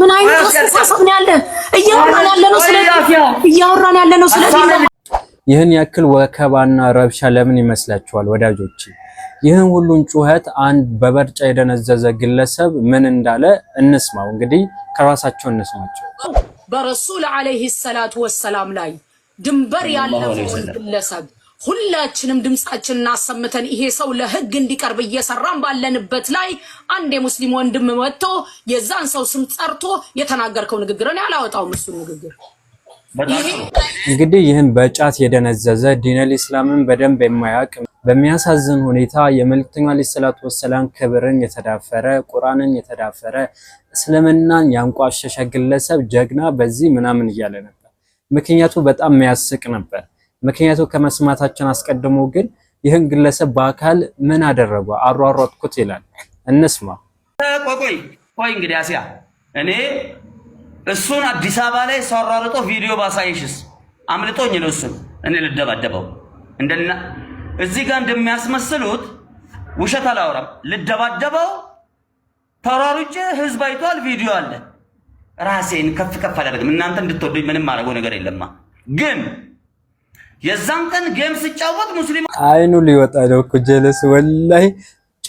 ምን አይነት አስተሳሰብ ነው እያወራን ያለነው እያወራን ይህን ያክል ወከባና ረብሻ ለምን ይመስላችኋል ወዳጆች? ይህን ሁሉን ጩኸት አንድ በበርጫ የደነዘዘ ግለሰብ ምን እንዳለ እንስማው። እንግዲህ ከራሳቸው እንስማቸው። በረሱል አለይሂ ሰላቱ ወሰላም ላይ ድንበር ያለፈውን ግለሰብ ሁላችንም ድምፃችንን አሰምተን ይሄ ሰው ለህግ እንዲቀርብ እየሰራን ባለንበት ላይ አንድ የሙስሊም ወንድም መጥቶ የዛን ሰው ስም ጠርቶ የተናገርከው ንግግር እኔ አላወጣውም። ንግግር እንግዲህ ይህን በጫት የደነዘዘ ዲነል ኢስላምን በደንብ የማያውቅ በሚያሳዝን ሁኔታ የመልክተኛ ዓለይሂ ሰላቱ ወሰላም ክብርን የተዳፈረ ቁርአንን የተዳፈረ እስልምናን ያንቋሸሸ ግለሰብ ጀግና በዚህ ምናምን እያለ ነበር። ምክንያቱ በጣም የሚያስቅ ነበር። ምክንያቱ ከመስማታችን አስቀድሞ ግን ይህን ግለሰብ በአካል ምን አደረጉ አሯሯጥኩት ይላል። እንስማ። ቆቆይ ቆይ እንግዲህ አሲያ እኔ እሱን አዲስ አበባ ላይ ሰራርጦ ቪዲዮ ባሳይሽስ አምልጦኝ ነው እሱን እኔ ልደባደበው እንደና እዚህ ጋር እንደሚያስመስሉት ውሸት አላወራም። ልደባደበው ተሯሩጬ ህዝብ አይቷል፣ ቪዲዮ አለ። ራሴን ከፍ ከፍ አላደርግም። እናንተ እንድትወዱኝ ምንም አደረገው ነገር የለማ ግን የዛን ቀን ጌም ሲጫወት ሙስሊም አይኑ ሊወጣ ነው እኮ ጀለስ። ወላሂ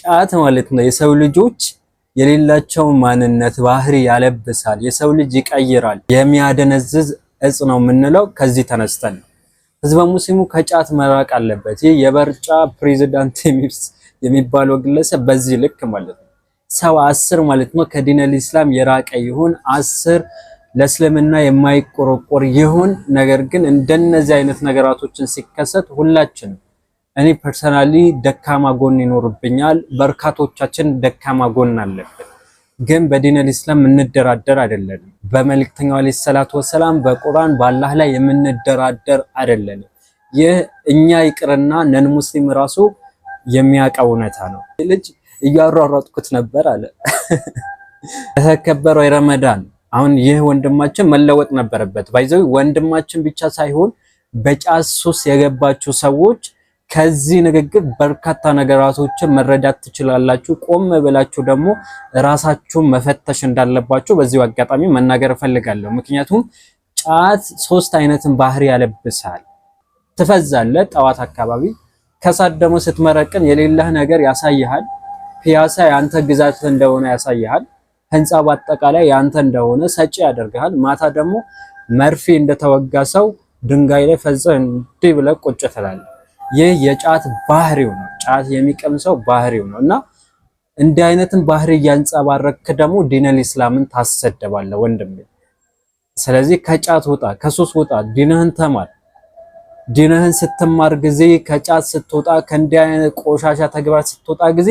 ጫት ማለት ነው የሰው ልጆች የሌላቸው ማንነት ባህሪ ያለብሳል፣ የሰው ልጅ ይቀይራል። የሚያደነዝዝ እጽ ነው የምንለው ከዚህ ተነስተን ነው። ህዝበ ሙስሊሙ ከጫት መራቅ አለበት። ይህ የበርጫ ፕሬዚዳንት የሚባለው ግለሰብ በዚህ ልክ ማለት ነው ሰው አስር ማለት ነው ከዲነል ኢስላም የራቀ ይሁን አስር ለእስልምና የማይቆረቆር ይሁን። ነገር ግን እንደነዚህ አይነት ነገራቶችን ሲከሰት ሁላችንም እኔ ፐርሰናሊ ደካማ ጎን ይኖርብኛል። በርካቶቻችን ደካማ ጎን አለብን። ግን በዲን አልኢስላም የምንደራደር አይደለንም። በመልክተኛው አለይሂ ሰላቱ ወሰላም በቁርአን በአላህ ላይ የምንደራደር አይደለንም። ይህ እኛ ይቅርና ነን ሙስሊም ራሱ የሚያውቀው እውነታ ነው። ልጅ እያሯሯጥኩት ነበር አለ ተከበረው የረመዳን አሁን ይህ ወንድማችን መለወጥ ነበረበት። ባይዘው ወንድማችን ብቻ ሳይሆን በጫት ሱስ የገባችሁ ሰዎች ከዚህ ንግግር በርካታ ነገራቶችን መረዳት ትችላላችሁ። ቆም ብላችሁ ደግሞ ራሳችሁን መፈተሽ እንዳለባችሁ በዚሁ አጋጣሚ መናገር እፈልጋለሁ። ምክንያቱም ጫት ሶስት አይነትን ባህሪ ያለብሳል። ትፈዛለ ጠዋት አካባቢ፣ ከሰዓት ደግሞ ስትመረቅን የሌለህ ነገር ያሳይሃል። ፒያሳ የአንተ ግዛት እንደሆነ ያሳይሃል። ህንፃ በአጠቃላይ ያንተ እንደሆነ ሰጪ ያደርግሃል። ማታ ደግሞ መርፌ እንደተወጋ ሰው ድንጋይ ላይ ፈጽህ እንዲ ብለ ቁጭ ትላለህ። ይህ የጫት ባህሪው ነው። ጫት የሚቀም ሰው ባህሪው ነው እና እንዲህ አይነትን ባህሪ እያንጸባረክ ደግሞ ዲነል ኢስላምን ታሰደባለ ወንድም። ስለዚህ ከጫት ውጣ፣ ከሱስ ውጣ፣ ዲንህን ተማር። ዲንህን ስትማር ጊዜ ከጫት ስትወጣ፣ ከእንዲህ አይነት ቆሻሻ ተግባር ስትወጣ ጊዜ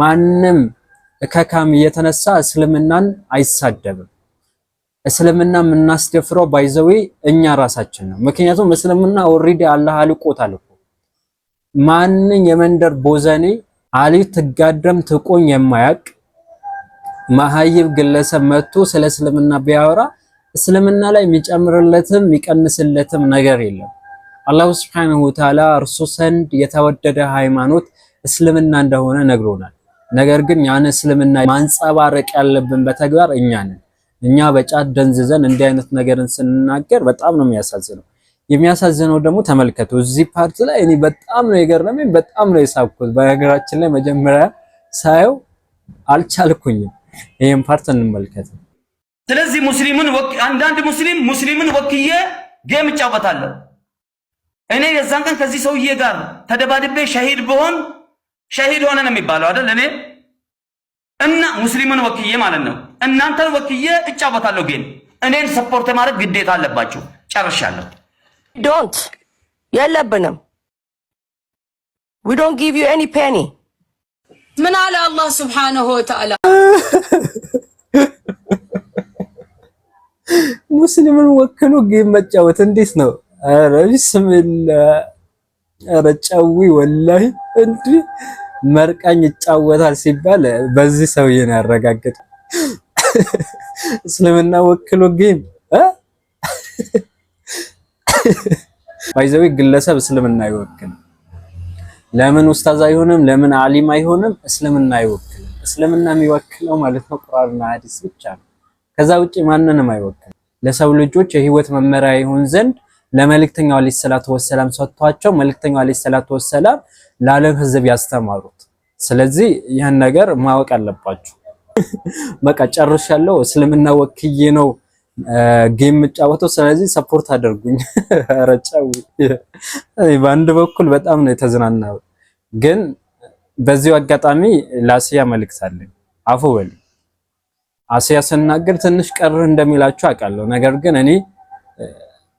ማንም ከካም የተነሳ እስልምናን አይሳደብም። እስልምና የምናስደፍረው ባይዘዌ እኛ ራሳችን ነው። ምክንያቱም እስልምና ኦልሬዲ አላህ አልቆታል እኮ ማንን የመንደር ቦዘኔ አሊ ትጋደም ትቆኝ የማያቅ መሀይብ ግለሰብ መጥቶ ስለ እስልምና ቢያወራ እስልምና ላይ የሚጨምርለትም የሚቀንስለትም ነገር የለም። አላሁ ስብሐነሁ ወተዓላ እርሱ ዘንድ የተወደደ ሃይማኖት እስልምና እንደሆነ ነግሮናል። ነገር ግን ያን እስልምና ማንጸባረቅ ያለብን በተግባር እኛ ነን። እኛ በጫት ደንዝዘን እንዲህ አይነት ነገርን ስንናገር በጣም ነው የሚያሳዝነው። የሚያሳዝነው ደግሞ ተመልከቱ፣ እዚህ ፓርት ላይ እኔ በጣም ነው የገረመኝ፣ በጣም ነው የሳብኩት። በነገራችን ላይ መጀመሪያ ሳየው አልቻልኩኝም። ይሄን ፓርት እንመልከት። ስለዚህ ሙስሊምን አንዳንድ ሙስሊም ሙስሊምን ወክዬ ጌም እጫወታለሁ እኔ የዛን ቀን ከዚህ ሰውዬ ጋር ተደባድቤ ሸሂድ ብሆን ሸሂድ ሆነ ነው የሚባለው አይደል? እኔ እና ሙስሊምን ወክዬ ማለት ነው እናንተን ወክዬ እጫወታለሁ። ግን እኔን ሰፖርት ማድረግ ግዴታ አለባችሁ። ጨርሻለሁ። ዶንት የለብንም። ዊ ዶንት ጊቭ ዩ ኤኒ ፔኒ። ምን አለ አላህ ሱብሓነሁ ወተዓላ ሙስሊምን ወክሉ ግን መጫወት እንዴት ነው? ኧረ ቢስሚላህ ረጫዊ ወላሂ እንዲህ መርቃኝ ይጫወታል ሲባል በዚህ ሰውዬ ነው ያረጋገጠው። እስልምና ወክሎ ግን ባይዘዊ ግለሰብ እስልምና አይወክል ለምን ኡስታዝ አይሆንም? ለምን አሊም አይሆንም? እስልምና አይወክል እስልምና የሚወክለው ማለት ነው ቁርአንና ሐዲስ ብቻ ነው። ከዛ ውጪ ማንንም አይወክል ለሰው ልጆች የህይወት መመሪያ ይሆን ዘንድ ለመልእክተኛው አለይሂ ሰላቱ ወሰላም ሰጥቷቸው መልእክተኛው አለይሂ ሰላቱ ወሰላም ለዓለም ህዝብ ያስተማሩት። ስለዚህ ይህን ነገር ማወቅ አለባችሁ። በቃ ጨርሻለሁ። እስልምና ወክዬ ነው ጌም የምጫወተው። ስለዚህ ሰፖርት አድርጉኝ። ረጫው በአንድ በኩል በጣም ነው የተዝናናው፣ ግን በዚሁ አጋጣሚ ለአስያ መልእክት አለኝ። አፉ በል አስያ ስናገር ትንሽ ቀር እንደሚላችሁ አውቃለሁ። ነገር ግን እኔ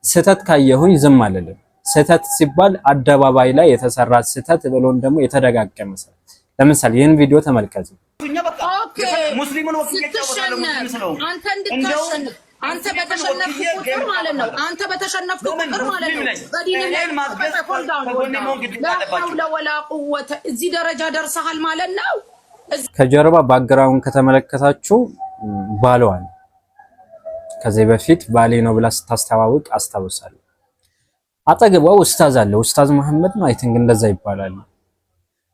ስህተት ካየሁኝ ዝም አልልም። ስህተት ሲባል አደባባይ ላይ የተሰራ ስህተት ብሎን ደግሞ የተደጋገመ ሰው ለምሳሌ ይህን ቪዲዮ ተመልከቱ። ሙስሊሙን አንተ በተሸነፍኩ ቁጥር ማለት ነው። አንተ በተሸነፍኩ ቁጥር ማለት ነው። በዲን ላይ ወላ ቁወተ እዚህ ደረጃ ደርሰሃል ማለት ነው። ከጀርባ ባክግራውንድ ከተመለከታችሁ ባለዋል ከዚህ በፊት ባሌ ነው ብላ ስታስተዋውቅ አስታውሳለሁ። አጠገቧ ኡስታዝ አለ። ኡስታዝ መሐመድ ነው አይ ቲንክ እንደዛ ይባላል።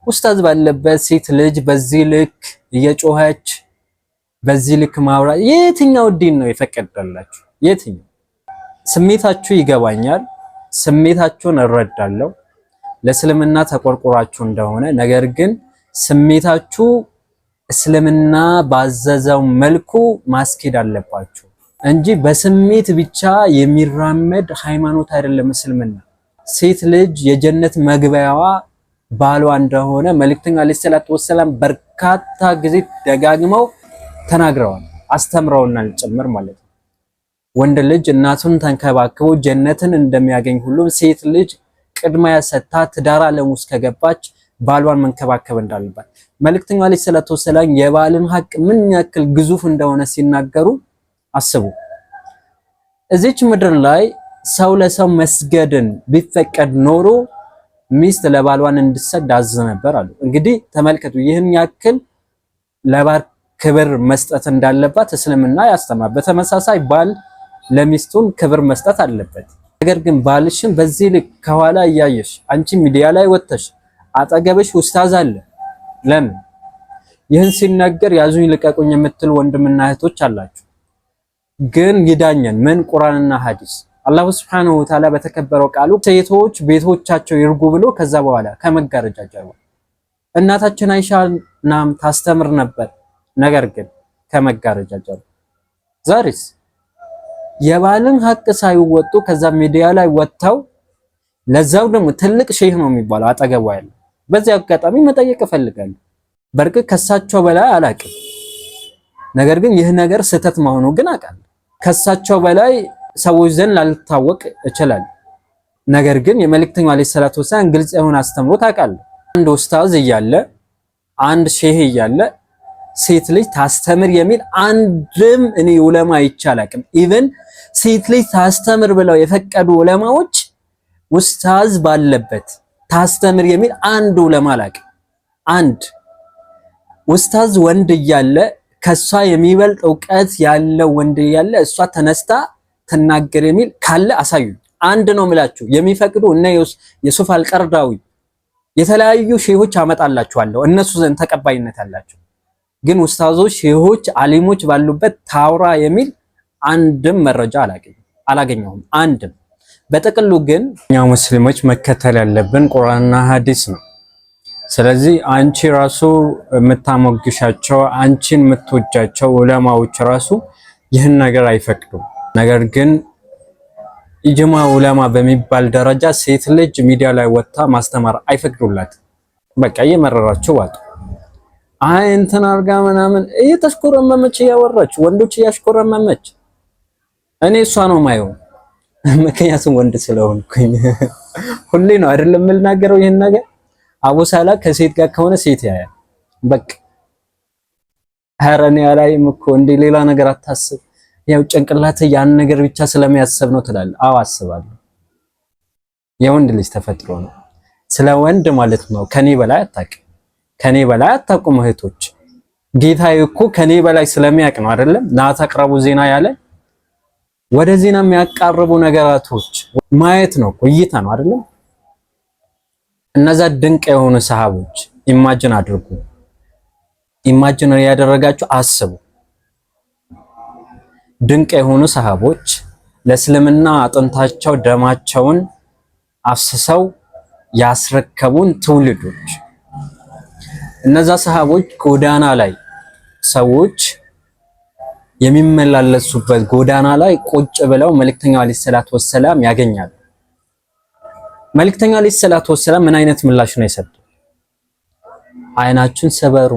ኡስታዝ ባለበት ሴት ልጅ በዚህ ልክ እየጮኸች በዚህ ልክ ማውራት የትኛው ዲን ነው የፈቀደላችሁ? የትኛው? ስሜታችሁ ይገባኛል፣ ስሜታችሁን እረዳለሁ። ለእስልምና ተቆርቁራችሁ እንደሆነ ነገር ግን ስሜታችሁ እስልምና ባዘዘው መልኩ ማስኬድ አለባችሁ። እንጂ በስሜት ብቻ የሚራመድ ሃይማኖት አይደለም እስልምና። ሴት ልጅ የጀነት መግቢያዋ ባሏ እንደሆነ መልክተኛ ዓለይሂ ሰላቱ ወሰላም በርካታ ጊዜ ደጋግመው ተናግረዋል፣ አስተምረውናል ጭምር ማለት ነው። ወንድ ልጅ እናቱን ተንከባክቦ ጀነትን እንደሚያገኝ ሁሉም ሴት ልጅ ቅድሚያ ሰጥታ ትዳር ዓለም ውስጥ ከገባች ባሏን መንከባከብ እንዳለባት መልክተኛ ዓለይሂ ሰላቱ ወሰላም የባልን ሀቅ ምን ያክል ግዙፍ እንደሆነ ሲናገሩ አስቡ። እዚች ምድር ላይ ሰው ለሰው መስገድን ቢፈቀድ ኖሮ ሚስት ለባሏን እንድሰግድ አዝ ነበር አሉ። እንግዲህ ተመልከቱ ይህን ያክል ለባል ክብር መስጠት እንዳለባት እስልምና ያስተማር። በተመሳሳይ ባል ለሚስቱን ክብር መስጠት አለበት። ነገር ግን ባልሽን በዚህ ልክ ከኋላ እያየሽ አንቺ ሚዲያ ላይ ወጥተሽ አጠገብሽ ውስታዝ አለ። ለምን ይህን ሲነገር ያዙኝ ልቀቁኝ የምትል ወንድምና እህቶች አላችሁ። ግን ይዳኘን ምን ቁርአንና ሐዲስ አላሁ ስብሐነሁ ወተዓላ በተከበረው ቃሉ ሴቶች ቤቶቻቸው ይርጉ ብሎ ከዛ በኋላ ከመጋረጃ ጀርባ እናታችን አይሻ ናም ታስተምር ነበር። ነገር ግን ከመጋረጃ ጀርባ ዛሬስ የባልን ሀቅ ሳይወጡ ከዛ ሚዲያ ላይ ወጥተው ለዛው ደግሞ ትልቅ ሼህ ነው የሚባለው አጠገቡ ያለ። በዚህ አጋጣሚ መጠየቅ እፈልጋለሁ። በእርግጥ ከሳቸው በላይ አላቅም። ነገር ግን ይህ ነገር ስህተት መሆኑ ግን አውቃለሁ። ከሳቸው በላይ ሰዎች ዘንድ ላልታወቅ ይችላል። ነገር ግን የመልእክተኛው ዓለይሂ ሰላቱ ወሰላም ግልጽ የሆነ አስተምሮ ታውቃለህ። አንድ ኡስታዝ እያለ አንድ ሼህ እያለ ሴት ልጅ ታስተምር የሚል አንድም እኔ ዑለማ አይቻላቅም። ኢቨን ሴት ልጅ ታስተምር ብለው የፈቀዱ ዑለማዎች ኡስታዝ ባለበት ታስተምር የሚል አንድ ዑለማ አላቅም። አንድ ኡስታዝ ወንድ እያለ ከእሷ የሚበልጥ እውቀት ያለው ወንድ ያለ እሷ ተነስታ ትናገር የሚል ካለ አሳዩ። አንድ ነው ምላችሁ የሚፈቅዱ እነ የሱፍ አልቀርዳዊ የተለያዩ ሼሆች አመጣላችኋለሁ። እነሱ ዘንድ ተቀባይነት አላቸው። ግን ውስታዞች፣ ሼሆች፣ አሊሞች ባሉበት ታውራ የሚል አንድም መረጃ አላገኘሁም። አንድም በጥቅሉ ግን እኛ ሙስሊሞች መከተል ያለብን ቁርአንና ሐዲስ ነው። ስለዚህ አንቺ ራሱ የምታሞግሻቸው አንቺን የምትወጃቸው ዑለማዎች ራሱ ይህን ነገር አይፈቅዱም። ነገር ግን ኢጅማ ዑለማ በሚባል ደረጃ ሴት ልጅ ሚዲያ ላይ ወጥታ ማስተማር አይፈቅዱላት። በቃ እየመረራቸው ዋጡ። አይ እንትን አርጋ ምናምን እየተሽኮረመመች እያወራች ወንዶች እያሽኮረመመች እኔ እሷ ነው ማየው፣ ምክንያቱም ወንድ ስለሆንኩኝ ሁሌ ነው አይደለም የምልናገረው ይህን ነገር አቡሳላ ከሴት ጋር ከሆነ ሴት ያያል። በቃ ሀረን ያላይም እኮ እንደ ሌላ ነገር አታስብ። ያው ጭንቅላት ያን ነገር ብቻ ስለሚያስብ ነው ትላለህ። አዎ አስባለሁ። የወንድ ልጅ ተፈጥሮ ነው። ስለ ወንድ ማለት ነው ከኔ በላይ አታውቅም፣ ከኔ በላይ አታውቁም እህቶች። ጌታዬ እኮ ከኔ በላይ ስለሚያውቅ ነው አይደለም። ና ዜና ያለ ወደ ዜና የሚያቃርቡ ነገራቶች ማየት ነው እይታ ነው አይደለም እነዛ ድንቅ የሆኑ ሰሃቦች ኢማጅን አድርጉ። ኢማጅን ያደረጋችሁ አስቡ። ድንቅ የሆኑ ሰሃቦች ለእስልምና አጥንታቸው ደማቸውን አፍስሰው ያስረከቡን ትውልዶች እነዛ ሰሃቦች ጎዳና ላይ ሰዎች የሚመላለሱበት ጎዳና ላይ ቁጭ ብለው መልእክተኛው አለይሂ ሰላቱ ወሰላም ያገኛሉ። መልእክተኛ ዐለይሂ ሰላቱ ወሰላም ምን አይነት ምላሽ ነው የሰጡ? አይናችን ስበሩ።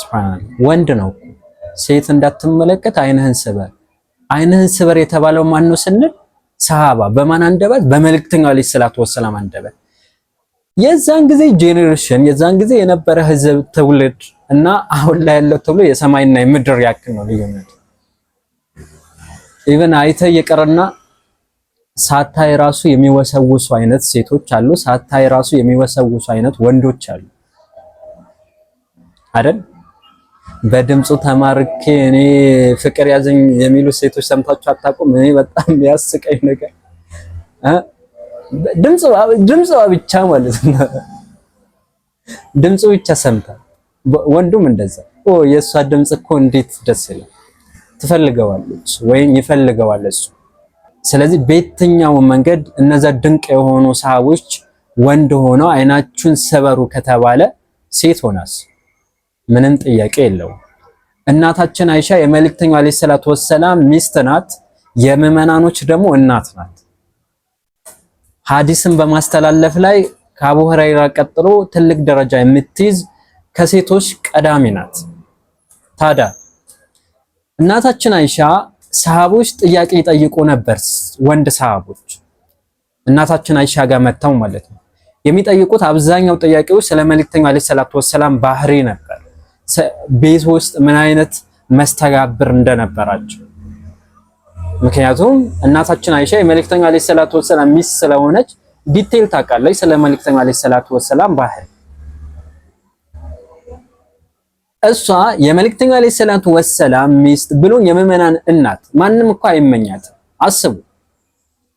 ሱብሃንአላህ ወንድ ነው ሴት እንዳትመለከት አይንህን ስበር። አይንህን ስበር የተባለው ማን ነው ስንል ሰሃባ። በማን አንደበት? በመልእክተኛ ዐለይሂ ሰላቱ ወሰላም አንደበት። የዛን ጊዜ ጄኔሬሽን የዛን ጊዜ የነበረ ህዝብ ትውልድ እና አሁን ላይ ያለው ትውልድ የሰማይና የምድር ያክል ነው ልዩነት ኢቨን አይተ የቀረና ሳታይ ራሱ የሚወሰውሱ አይነት ሴቶች አሉ። ሳታይ ራሱ የሚወሰውሱ አይነት ወንዶች አሉ አይደል? በድምፁ ተማርኬ እኔ ፍቅር ያዘኝ የሚሉ ሴቶች ሰምታችሁ አታውቁም? እኔ በጣም ያስቀኝ ነገር ድምፅዋ ብቻ ማለት ነው። ድምፁ ብቻ ሰምታ ወንዱም እንደዛ ኦ የእሷ ድምፅ እኮ እንዴት ደስ ይላል፣ ትፈልገዋለች ወይም ይፈልገዋል እሱ ስለዚህ በየትኛው መንገድ እነዛ ድንቅ የሆኑ ሰሃቦች ወንድ ሆነው አይናችሁን ሰበሩ ከተባለ ሴት ሆናስ ምንም ጥያቄ የለውም። እናታችን አይሻ የመልእክተኛው አለይሂ ሰላቱ ወሰላም ሚስት ናት፣ የምዕመናኖች ደግሞ እናት ናት። ሐዲስን በማስተላለፍ ላይ ከአቡ ሁረይራ ቀጥሎ ትልቅ ደረጃ የምትይዝ ከሴቶች ቀዳሚ ናት። ታዲያ እናታችን አይሻ ሰሃቦች ጥያቄ ይጠይቁ ነበር። ወንድ ሰሃቦች እናታችን አይሻ ጋር መጥተው ማለት ነው የሚጠይቁት አብዛኛው ጥያቄዎች ስለ መልእክተኛው አለይሂ ሰላቱ ወሰላም ባህሪ ነበር። ቤት ውስጥ ምን አይነት መስተጋብር እንደነበራቸው። ምክንያቱም እናታችን አይሻ የመልእክተኛው አለይሂ ሰላቱ ወሰላም ሚስት ስለሆነች ዲቴል ታውቃለች ስለ መልእክተኛው አለይሂ ሰላቱ ወሰላም ባህሪ እሷ የመልእክተኛው ዓለይሂ ሰላቱ ወሰላም ሚስት ብሎ የምዕመናን እናት ማንም እኮ አይመኛት። አስቡ፣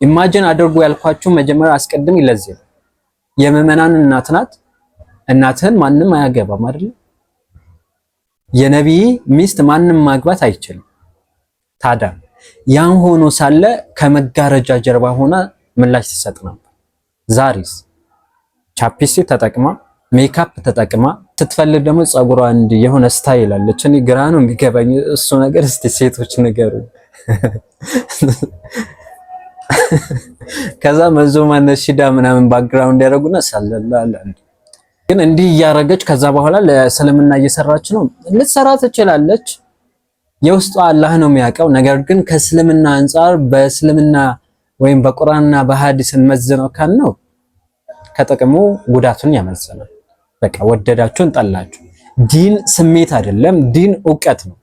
ኢማጅን አድርጎ ያልኳችሁ መጀመሪያ አስቀድም ይለዚህ የምዕመናን እናት ናት። እናትህን ማንም አያገባም አይደል? የነቢይ ሚስት ማንም ማግባት አይችልም። ታዲያ ያን ሆኖ ሳለ ከመጋረጃ ጀርባ ሆና ምላሽ ትሰጥ ነበር። ዛሬስ ተጠቅማ ሜካፕ ተጠቅማ ስትፈልግ ደግሞ ጸጉሯ አንድ የሆነ ስታይል አለች። እኔ ግራ ነው የሚገባኝ እሱ ነገር። እስቲ ሴቶች ንገሩ። ከዛ መዞ ማነሽ ሺዳ ምናምን ባክግራውንድ ያደረጉና ሰለላል። ግን እንዲህ እያደረገች ከዛ በኋላ ለእስልምና እየሰራች ነው። ልትሰራ ትችላለች። የውስጡ አላህ ነው የሚያውቀው። ነገር ግን ከእስልምና አንጻር በእስልምና ወይም በቁርአንና በሐዲስ ካን ነው ከጥቅሙ ጉዳቱን ያመዝናል። በቃ ወደዳችሁን ጠላችሁ፣ ዲን ስሜት አይደለም፣ ዲን እውቀት ነው።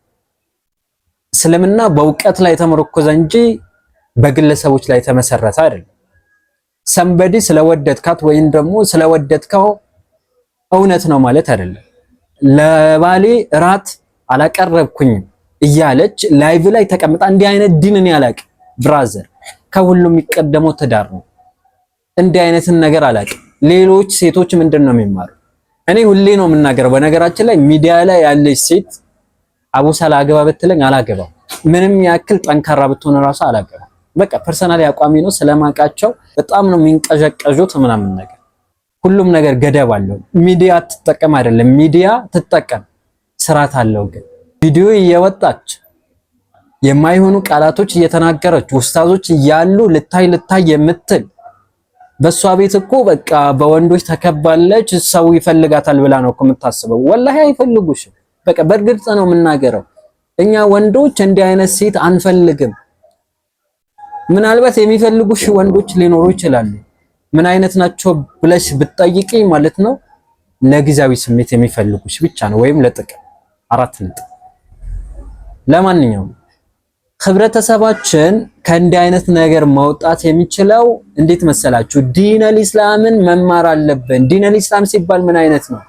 እስልምና በእውቀት ላይ ተመረኮዘ እንጂ በግለሰቦች ላይ ተመሰረተ አይደለም። ሰንበዲ ስለወደድካት ወይም ደግሞ ስለወደድከው እውነት ነው ማለት አይደለም። ለባሌ እራት አላቀረብኩኝም እያለች ላይቭ ላይ ተቀምጣ እንዲህ አይነት ዲን እኔ ብራዘር። ከሁሉም የሚቀደመው ትዳር ነው። እንዲህ አይነትን ነገር አላቅም። ሌሎች ሴቶች ምንድን ነው የሚማሩ? እኔ ሁሌ ነው የምናገረው። በነገራችን ላይ ሚዲያ ላይ ያለች ሴት አቡሰላ አገባ ብትለኝ አላገባም። ምንም ያክል ጠንካራ ብትሆን እራሱ አላገባም። በቃ ፐርሰናል አቋሚ ነው ስለማውቃቸው በጣም ነው የሚንቀዠቀዡት ምናምን ነገር። ሁሉም ነገር ገደብ አለው። ሚዲያ ትጠቀም አይደለም ሚዲያ ትጠቀም ስርዓት አለው። ግን ቪዲዮ እየወጣች የማይሆኑ ቃላቶች እየተናገረች ውስታዞች እያሉ ልታይ ልታይ የምትል በእሷ ቤት እኮ በቃ በወንዶች ተከባለች፣ ሰው ይፈልጋታል ብላ ነው እኮ የምታስበው። ወላሂ አይፈልጉሽ በቃ በእርግጥ ነው የምናገረው። እኛ ወንዶች እንዲህ አይነት ሴት አንፈልግም። ምናልባት የሚፈልጉሽ ወንዶች ሊኖሩ ይችላሉ። ምን አይነት ናቸው ብለሽ ብትጠይቂ ማለት ነው ለጊዜያዊ ስሜት የሚፈልጉሽ ብቻ ነው፣ ወይም ለጥቅም አራት ነጥብ። ለማንኛውም ህብረተሰባችን ከእንዲህ አይነት ነገር መውጣት የሚችለው እንዴት መሰላችሁ? ዲን አልኢስላምን መማር አለብን። ዲን ኢስላም ሲባል ምን አይነት ነው?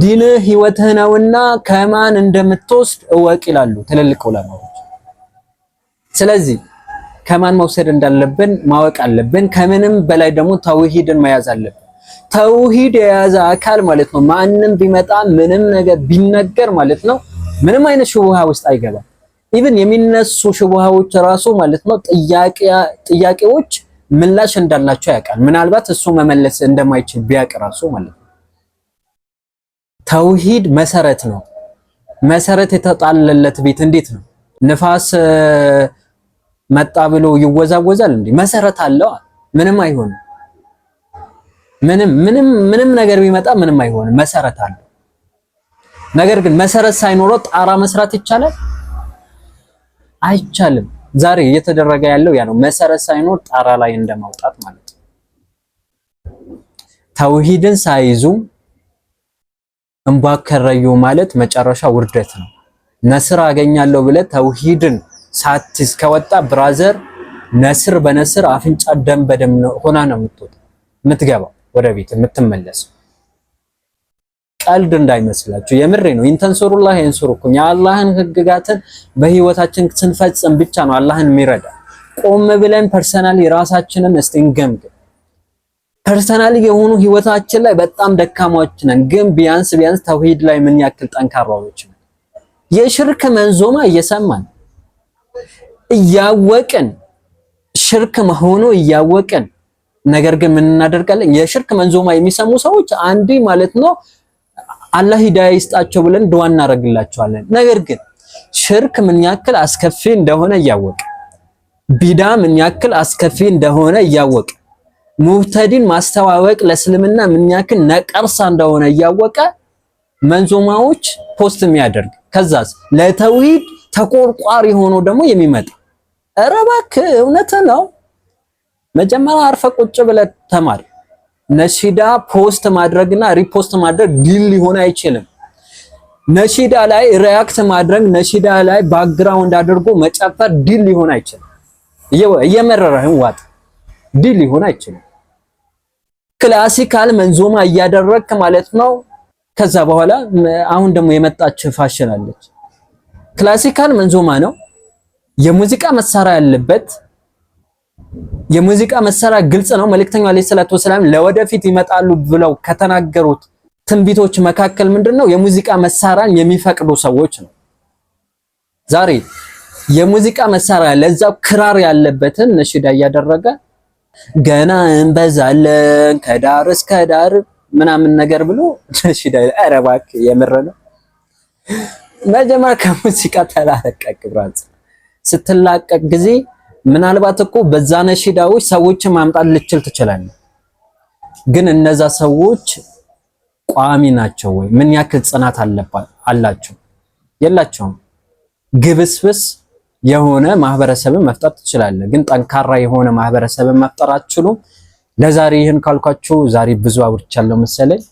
ዲንህ ህይወትህ ነውና ከማን እንደምትወስድ እወቅ ይላሉ ትልልቅ ዑለማዎች። ስለዚህ ከማን መውሰድ እንዳለብን ማወቅ አለብን። ከምንም በላይ ደግሞ ተውሂድን መያዝ አለብን። ተውሂድ የያዘ አካል ማለት ነው ማንም ቢመጣ ምንም ነገር ቢነገር ማለት ነው ምንም አይነት ሽቡሃ ውስጥ አይገባም። ኢቭን የሚነሱ ሽቡሃዎች ራሱ ማለት ነው ጥያቄዎች ምላሽ እንዳላቸው ያውቃል። ምናልባት እሱ መመለስ እንደማይችል ቢያቅ ራሱ ማለት ነው። ተውሂድ መሰረት ነው። መሰረት የተጣለለት ቤት እንዴት ነው ንፋስ መጣ ብሎ ይወዛወዛል እንዴ? መሰረት አለው። ምንም አይሆንም። ምንም ምንም ምንም ነገር ቢመጣ ምንም አይሆንም። መሰረት አለው። ነገር ግን መሰረት ሳይኖረው ጣራ መስራት ይቻላል። አይቻልም። ዛሬ እየተደረገ ያለው ያ ነው። መሰረት ሳይኖር ጣራ ላይ እንደማውጣት ማለት ነው። ተውሂድን ሳይዙ እንባከረዩ ማለት መጨረሻ ውርደት ነው። ነስር አገኛለሁ ብለ ተውሂድን ሳትስ ከወጣ ብራዘር ነስር በነስር አፍንጫ ደም በደም ሆና ነው የምትወጣ የምትገባ ወደ ቤት የምትመለስ ቀልድ እንዳይመስላችሁ፣ የምሬ ነው። ኢንተንሱሩላህ የንሱርኩም የአላህን ህግጋትን በህይወታችን ስንፈጽም ብቻ ነው አላህን የሚረዳ። ቆም ብለን ፐርሰናሊ ራሳችንን እስቲ እንገምግም። ፐርሰናሊ የሆኑ ህይወታችን ላይ በጣም ደካማዎች ነን፣ ግን ቢያንስ ቢያንስ ተውሂድ ላይ ምን ያክል ጠንካራዎች ነን? የሽርክ መንዞማ እየሰማን እያወቅን ሽርክ መሆኑ እያወቅን ነገር ግን ምን እናደርጋለን? የሽርክ መንዞማ የሚሰሙ ሰዎች አንዴ ማለት ነው አላህ ሂዳያ ይስጣቸው ብለን ድዋ እናደርግላቸዋለን። ነገር ግን ሽርክ ምን ያክል አስከፊ እንደሆነ እያወቀ ቢዳ ምን ያክል አስከፊ እንደሆነ እያወቀ ሙብተዲን ማስተዋወቅ ለእስልምና ምን ያክል ነቀርሳ እንደሆነ እያወቀ መንዞማዎች ፖስት የሚያደርግ ከዛስ ለተውሂድ ተቆርቋሪ ሆኖ ደግሞ የሚመጣ እረ እባክህ እውነት ነው። መጀመሪያ አርፈ ቁጭ ብለህ ተማር። ነሺዳ ፖስት ማድረግና ሪፖስት ማድረግ ዲል ሊሆን አይችልም። ነሺዳ ላይ ሪያክት ማድረግ፣ ነሺዳ ላይ ባክግራውንድ አድርጎ መጨፈር ዲል ሊሆን አይችልም። እየመረረህን ዋጥ ዲል ሊሆን አይችልም። ክላሲካል መንዞማ እያደረግክ ማለት ነው። ከዛ በኋላ አሁን ደግሞ የመጣች ፋሽን አለች። ክላሲካል መንዞማ ነው የሙዚቃ መሳሪያ ያለበት የሙዚቃ መሳሪያ ግልጽ ነው። መልእክተኛው አለይሂ ሰላቱ ወሰላም ለወደፊት ይመጣሉ ብለው ከተናገሩት ትንቢቶች መካከል ምንድነው የሙዚቃ መሳሪያን የሚፈቅዱ ሰዎች ነው። ዛሬ የሙዚቃ መሳሪያ ለዛው ክራር ያለበትን ነሽዳ እያደረገ ገና እንበዛለን ከዳር እስከ ዳር ምናምን ነገር ብሎ ነሽዳ ኧረ እባክህ የምር ነው። መጀመሪያ ከሙዚቃ ተላቀቅ። ብራንስ ስትላቀቅ ጊዜ ምናልባት እኮ በዛ ነሺዳዎች ሰዎችን ማምጣት ልችል ትችላለህ። ግን እነዛ ሰዎች ቋሚ ናቸው ወይ? ምን ያክል ጽናት አላቸው? የላቸውም። ግብስብስ የሆነ ማህበረሰብን መፍጠር ትችላለህ፣ ግን ጠንካራ የሆነ ማህበረሰብን መፍጠር አትችሉም። ለዛሬ ይህን ካልኳችሁ ዛሬ ብዙ አውርቻለሁ መሰለኝ።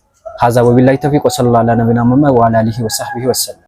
ሀዛ ወቢላሂ ተውፊቅ ወሰለላሁ ዐላ ነቢና መሐመድ ወዐላ አሊሂ ወሰሐቢሂ ወሰለም።